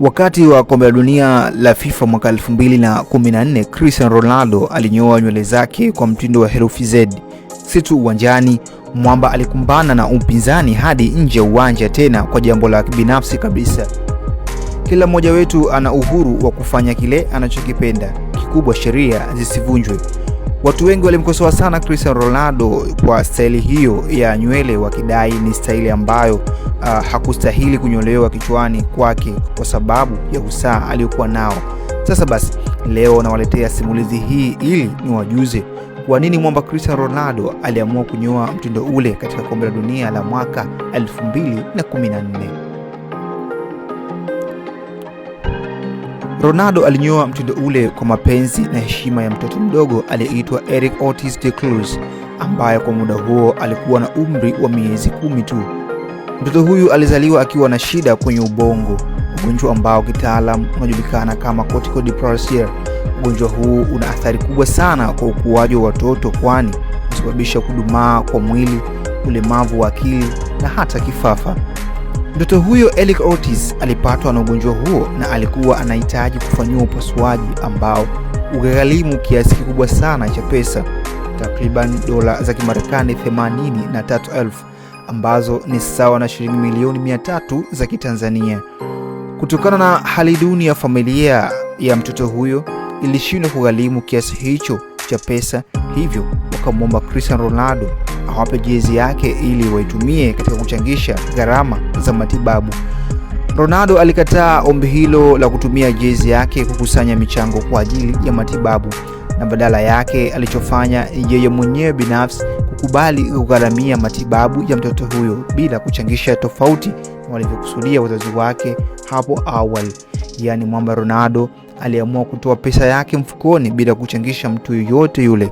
Wakati wa kombe la dunia la FIFA mwaka 2014, Cristiano Ronaldo alinyoa nywele zake kwa mtindo wa herufi Z. Si tu uwanjani, mwamba alikumbana na upinzani hadi nje ya uwanja, tena kwa jambo la binafsi kabisa. Kila mmoja wetu ana uhuru wa kufanya kile anachokipenda, kikubwa sheria zisivunjwe. Watu wengi walimkosoa sana Cristiano Ronaldo kwa staili hiyo ya nywele, wakidai ni staili ambayo uh, hakustahili kunyolewa kichwani kwake kwa sababu ya usaa aliyokuwa nao. Sasa basi, leo nawaletea simulizi hii ili niwajuze kwa nini mwamba Cristiano Ronaldo aliamua kunyoa mtindo ule katika kombe la dunia la mwaka 2014. Ronaldo alinyoa mtindo ule kwa mapenzi na heshima ya mtoto mdogo aliyeitwa Eric Ortiz de Cruz ambaye kwa muda huo alikuwa na umri wa miezi kumi tu. Mtoto huyu alizaliwa akiwa na shida kwenye ubongo, ugonjwa ambao kitaalam unajulikana kama dysplasia. Ugonjwa huu una athari kubwa sana kwa ukuaji wa watoto, kwani husababisha kudumaa kwa mwili, ulemavu wa akili na hata kifafa. Mtoto huyo Eric Ortiz alipatwa na ugonjwa huo na alikuwa anahitaji kufanyiwa upasuaji ambao ukagharimu kiasi kikubwa sana cha pesa, takriban dola za Kimarekani 83,000 ambazo ni sawa na shilingi milioni 300 za Kitanzania. Kutokana na hali duni ya familia ya mtoto huyo ilishindwa kugharimu kiasi hicho cha pesa, hivyo wakamwomba Cristiano Ronaldo hawape jezi yake ili waitumie katika kuchangisha gharama za matibabu. Ronaldo alikataa ombi hilo la kutumia jezi yake kukusanya michango kwa ajili ya matibabu, na badala yake alichofanya yeye mwenyewe binafsi kukubali kugharamia matibabu ya mtoto huyo bila kuchangisha, tofauti na walivyokusudia wazazi wake hapo awali. Yaani, mwamba Ronaldo aliamua kutoa pesa yake mfukoni bila kuchangisha mtu yoyote yule.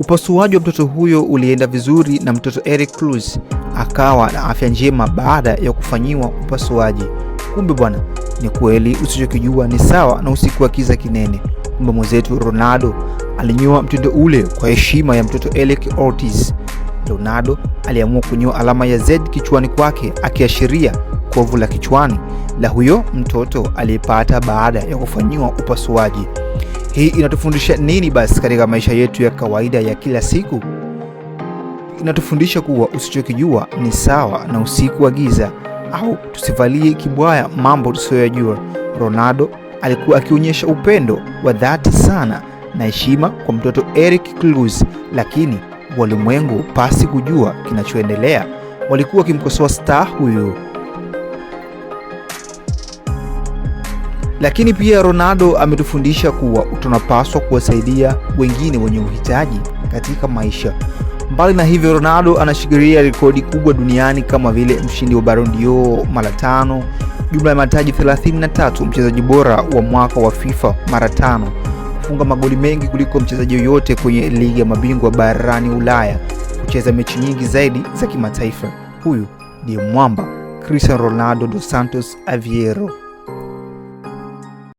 Upasuaji wa mtoto huyo ulienda vizuri na mtoto Eric Cruz akawa na afya njema baada ya kufanyiwa upasuaji. Kumbe bwana, ni kweli usichokijua ni sawa na usiku wa kiza kinene. Kumbe mwenzetu Ronaldo alinyoa mtindo ule kwa heshima ya mtoto Eric Ortiz. Ronaldo aliamua kunyoa alama ya Z kichwani kwake akiashiria kovu la kichwani la huyo mtoto aliyepata baada ya kufanyiwa upasuaji. Hii inatufundisha nini basi katika maisha yetu ya kawaida ya kila siku? Inatufundisha kuwa usichokijua ni sawa na usiku wa giza, au tusivalie kibwaya mambo tusiyoyajua. Ronaldo alikuwa akionyesha upendo wa dhati sana na heshima kwa mtoto Eric Kluse, lakini walimwengu pasi kujua kinachoendelea walikuwa wakimkosoa star huyu. Lakini pia Ronaldo ametufundisha kuwa tunapaswa kuwasaidia wengine wenye uhitaji katika maisha. Mbali na hivyo, Ronaldo anashikilia rekodi kubwa duniani kama vile mshindi wa Ballon d'Or mara tano, jumla ya mataji 33, mchezaji bora wa mwaka wa FIFA mara tano, kufunga magoli mengi kuliko mchezaji yoyote kwenye ligi ya mabingwa barani Ulaya, kucheza mechi nyingi zaidi za kimataifa. Huyu ndiye mwamba Cristiano Ronaldo dos Santos Aveiro.